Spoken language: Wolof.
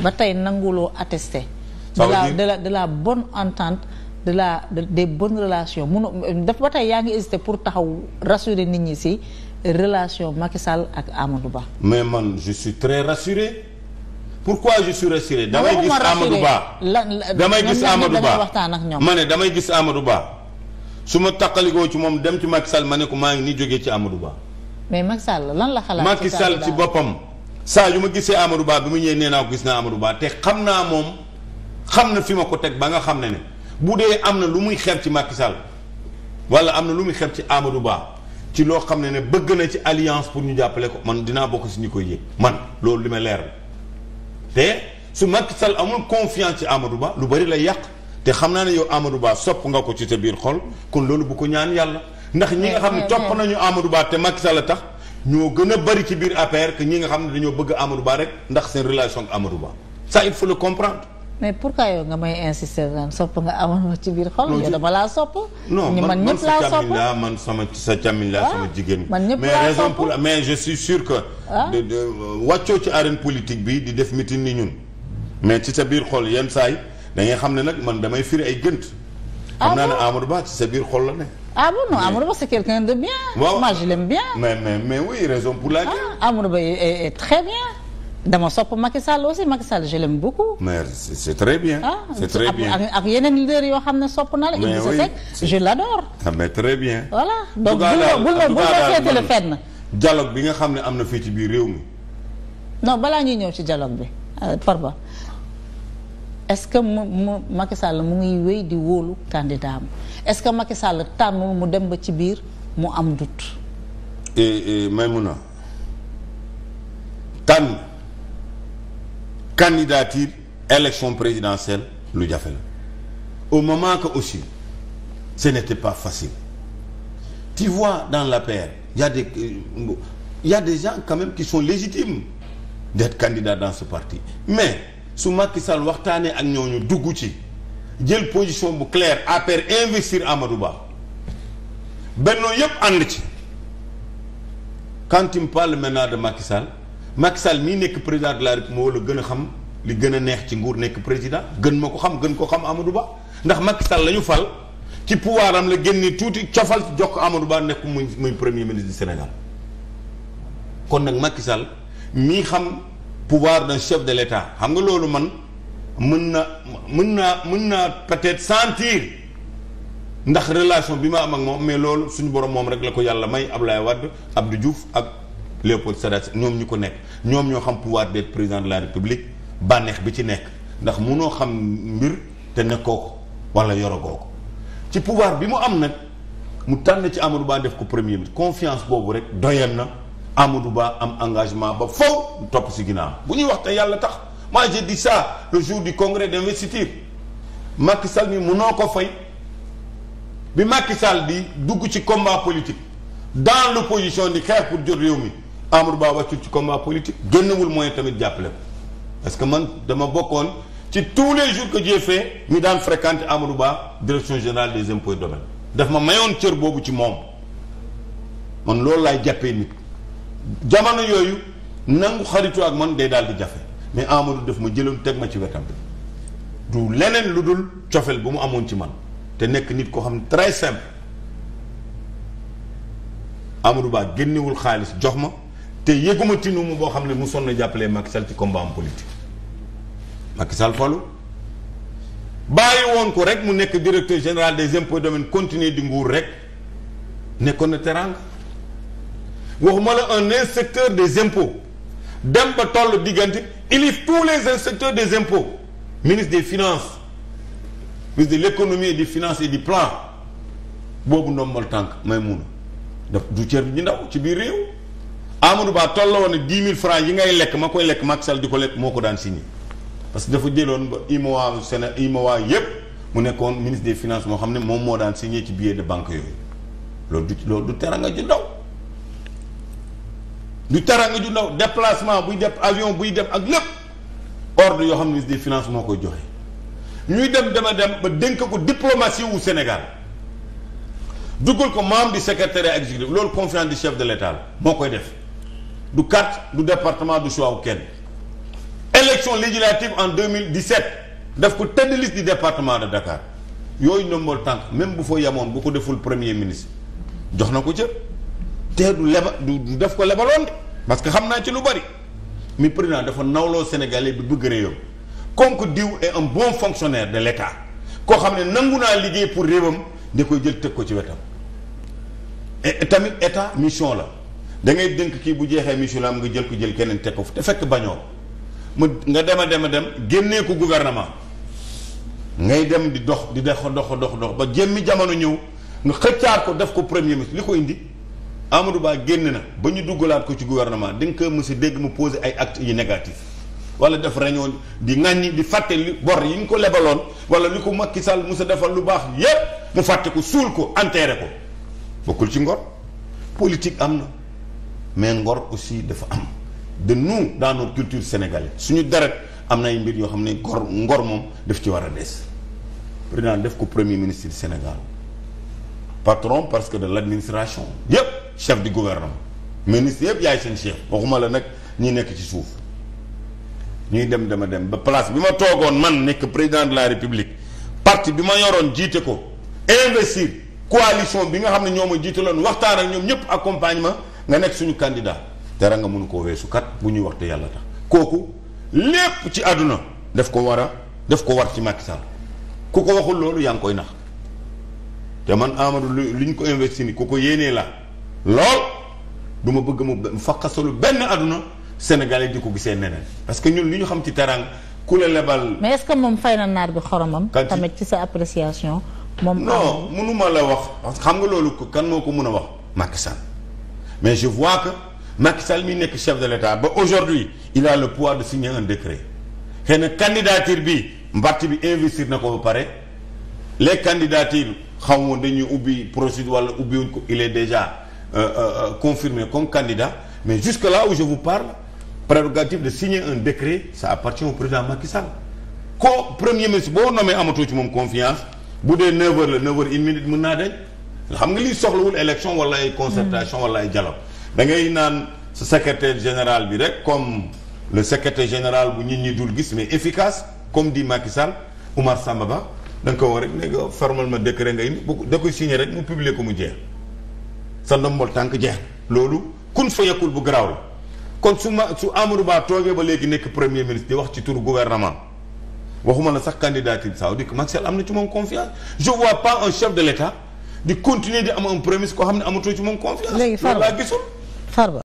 ba tey nanguloo attesté de la de la de la bonne entente de la des bonnes relations mun daf ba tey yaa ngi hésité pour taxaw rassurer nit ñi si relation Macky Sall ak Amadou baax mais man je suis très pour pourquoi je suis rassuré damay gis Amadou Ba damay gis Amadou Ba waxtaan ak ñoom ma ne damay gis Amadou su ma taqalikoo ci moom dem ci Macky Sall ma ne ko maa ngi ni jógee ci Amadou Ba mais Macky Sall lan la xalaat Macky Sall ci boppam saa yu ma gisee Amadou Ba bi mu ñëwee nee naa ko gis naa Amadou Ba te xam naa moom xam na fi ma ko teg ba nga xam ne ne bu dee am na lu muy xeeb ci Macky Sall wala am na lu muy xeeb ci Amadou Ba ci loo xam ne ne bëgg na ci alliance pour ñu jàppale ko man dinaa bokk si ñu koy yëg man loolu li may leer te su Macky Sall amul confiance ci Amadou Ba lu bari lay yàq te xam naa ne yow Amadou Ba sopp nga ko ci sa biir xol kon loolu bu ko ñaan yàlla ndax ñi nga eh, eh, eh. nañu Amadou Ba te Macky tax ñoo gën a bari ci biir APR que ñi nga xam ne dañoo bëgg amalu Ba rek ndax seen relation ak Amadou Ba ça il faut le comprendre. mais pourquoi yow nga may insister naan sopp nga Amadou Ba ci biir xol. yow dama laa sopp. non man man sa càmmiñ laa man sama sa càmmiñ laa ah, sama jigéen. man ñëpp mais raison pour mais je suis sûr que. Ah. wàccoo ci arène politique bi di def meeting ni ñun. mais ci sa biir xol yenn saay da ngay xam ne nag man damay firi ay gënt. Ah xam naa ne Amadou Ba ci sa biir xol la ne. ah bon non Amadou Ba c'est quelqu'un de bien. ma moi je l'aime bien. mais mais raison pour laquelle. ah Amadou Ba est, est bien. dama sopp Macky Sall aussi Macky Sall je l'aime mais c'est très ah, bien. ak ak yeneen leaders yoo xam ne sopp naa la. mais oui Seck je l'adore. ah mais très bien. voilà donc bul ma bi nga xam ne am na fii ci biir réew mi. non balaa ñuy ñëw ci dialogue bi euh, Farba. est-ce que mu mu Macky Sall mu ngi wéy di wóolu candidat am est-ce que Macky Sall tànnul mu dem ba ci biir mu am doute. et Maimouna tànn candidature élection présidentielle lu jafe la au moment que aussi ce n'était pas facile ti vois dans la il y a des il des gens qui sont légitimes d'être candidats dans ce parti mais. su Macky Sall waxtaanee ak ñooñu dugg ci jël position bu claire APR investir Amadou Ba bennoo yëpp ànd ci quand il me parle de Macky Sall Macky Sall mii nekk président de la République moo la gën a xam li gën a neex ci nguur nekk président gën ma ko xam gën ko xam amaduba ndax Macky lañu fal ci pouvoir la génne tuuti cofal jox ko Amadou Ba nekk muy muy premier ministre du Sénégal kon nag Macky mii xam. pouvoir d'un chef de l'État xam nga loolu man mën na mën naa mën naa peut-être sentir ndax relation bi ma am ak moom mais loolu suñu borom moom rek la ko yàlla may Ablaye ab Abdou Diouf ak Léopold Sédar ñoom ñu ko nekk ñoom ñoo xam pouvoir d'être président de la République bànneex bi ci nekk ndax munoo xam mbir te nekkoo ko wala yorogoo ko ci pouvoir bi mu am nag mu tànn ci amaru Ba def ko premier ministre confiance boobu rek doyal na Amadou Ba am engagement ba faw topp si ginnaaw bu ñuy wax te yàlla tax moi j'ai dit ça le jour di congrès d'investiture Macky Sall mi mënoo ko fay bi Macky Sall bi dugg ci combat politique dans l'opposition di xeex pour jot réew mi Amadou Ba wàccul ci combat politique génnewul moyen tamit jàppale ko parce que man dama bokkoon ci tous les jours que j'ai fait mi daan fréquenter Amadou Ba direction générale des impôts et domaines ma mayoon cër boobu ci moom man loolu jamono yooyu nangu xaritu ak man day daal di jafe mais Amadou def ma jëloon teg ma ci wetam du leneen lu dul cofeel bu mu amoon ci man te nekk nit koo xam ne très simple Amadou Ba génnewul xaalis jox ma te yëguma tinuma boo xam ne mu sonn jàppalee Macky Sall ci combat am politique Macky falu bàyyi woon ko rek mu nekk directeur général des impôts domaines continuer di nguur rek nekkoon na teraanga waxuma la un secteur des impôts dem ba toll diggante ilif tous les un inspecteurs des impôts ministre des finance ministre de l'économie et des finances et du plan boobu ndombal tànk may mun a daf du cër bi ñu ndaw ci biir réew Amadou Ba tolloo woon ne dix mille francs yi ngay lekk ma koy lekk Macky Sall di ko lekk moo ko daan signé parce que dafa jëloon ba IMOA Séné IMOA yépp mu nekkoon ministre des finances moo xam ne moom moo daan signé ci biir de banque yooyu loolu du loolu du teranga ju ndaw du teraanga du ndaw déplacement buy def avion buy dem ak lépp ordre yoo xam ne ministre des finances moo koy joxe ñuy dem dama dem ba dénk ko diplomatie wu Sénégal dugal ko membre du secrétariat exécutif loolu confiance du chef de l'État moo koy def du carte du département du choix wu kenn. élection législative en mille 2017 daf ko tëdd liste du département de Dakar yooyu ndombol tànk même bu fa yamoon bu ko deful premier ministre jox na ko ca. te du leba du def ko lebaloon de parce que xam naa ci lu bari mi président dafa nawloo sénégalais bi bëgg réewam konk diw est un bon fonctionnaire de l'État koo xam ne nangu naa liggéey pour réewam da koy jël teg ko ci wetam tamit état mission la da ngay dënk kii bu jeexee mission la am nga jël ko jël keneen teg ko fu te fekk bañoo ma nga dem a dem a dem génnee ko gouvernement ngay dem di dox di dox dox dox dox ba jëmmi jamono ñëw nga xëccaar ko def ko premier ministre li ko indi Amadou Ba génn na ba ñu duggalaat ko ci gouvernement di nga ko mës a dégg mu posé ay actes yu négatif wala def réunion di ŋàññi di fàtte li bor yi nga ko lebaloon wala li ko Macky Sall mës a defal lu baax yëpp mu fàtte ko suul ko enterré ko bokkul ci ngor politique am na mais ngor aussi dafa am de nu dans notre culture sénégalaise suñu deret am na mbir yoo xam ne ngor ngor moom def ci war a des président def ko premier ministre du Sénégal patron parce que de l'administration yépp chef du gouvernement ministre yëpp yaay seen chef waxuma la nag ñi nekk ci suuf ñuy dem dama dem ba place bi ma toogoon man nekk président de la république parti bi ma yoroon jiite ko investir coalition bi nga xam ne ñoo ma jiite loon waxtaan ak ñoom ñëpp accompagnement nga nekk suñu candidat dara nga mënu koo weesu kat bu ñuy waxte yàlla tax kooku lépp ci àdduna daf ko war a daf ko war ci Macky ku ko waxul loolu yaa ngi koy nax te man Amadou li ñu ko investi ni ku ko yéenee la lool du ma bëgg mu fakkasalu benn àdduna sénégalais di ko gisee neneen parce que ñun li ñu xam ci teranga ku la lebal. mais est moom fay na naar bi xoromam. tamit ci sa appréciation. moom non mënuma la wax que xam nga loolu kan moo ko mën a wax Macky Sall mais je vois que Macky Sall mi nekk chef de l'État ba aujourd'hui il a le pouvoir de signer un décret xëy na candidature bi mbàtt bi investir na ko ba pare les candidatures xaw ma dañuy ubbi procédure wala ubbiwuñ ko il est Euh, euh, euh, confirmé comme candidat mais jusque la où je vous parle prérogative de signer un décret ça appartient au président Macky Sall ko premier ministre boo nommé amatoo ci moom confiance bu dee 9h la 9 minute mën naa dañ xam nga liy soxlawul élection wala ay concertation hmm. wala ay dialogue da ngay naan sa secretaire général bi rek comme le secrétaire général bu nit ñi dul gis mais efficace comme di Macky Sall Oumar Samba Ba da ko wax rek ne for fermal ma décret nga indi bu da rek mu publier ko mu jeex. sa ndombol tànk jeex loolu kun fa yàqul bu garaaw kon su ma su Amadou Ba toogee ba léegi nekk premier ministre di wax ci turu gouvernement waxuma la sax candidature ça veut dire que Macky am na ci moom confiance je vois pas un chef de l' état di continuer di am un premier ministre koo xam ne amatoo ci moom confiance. léegi Farba loolu laa gisul Farba.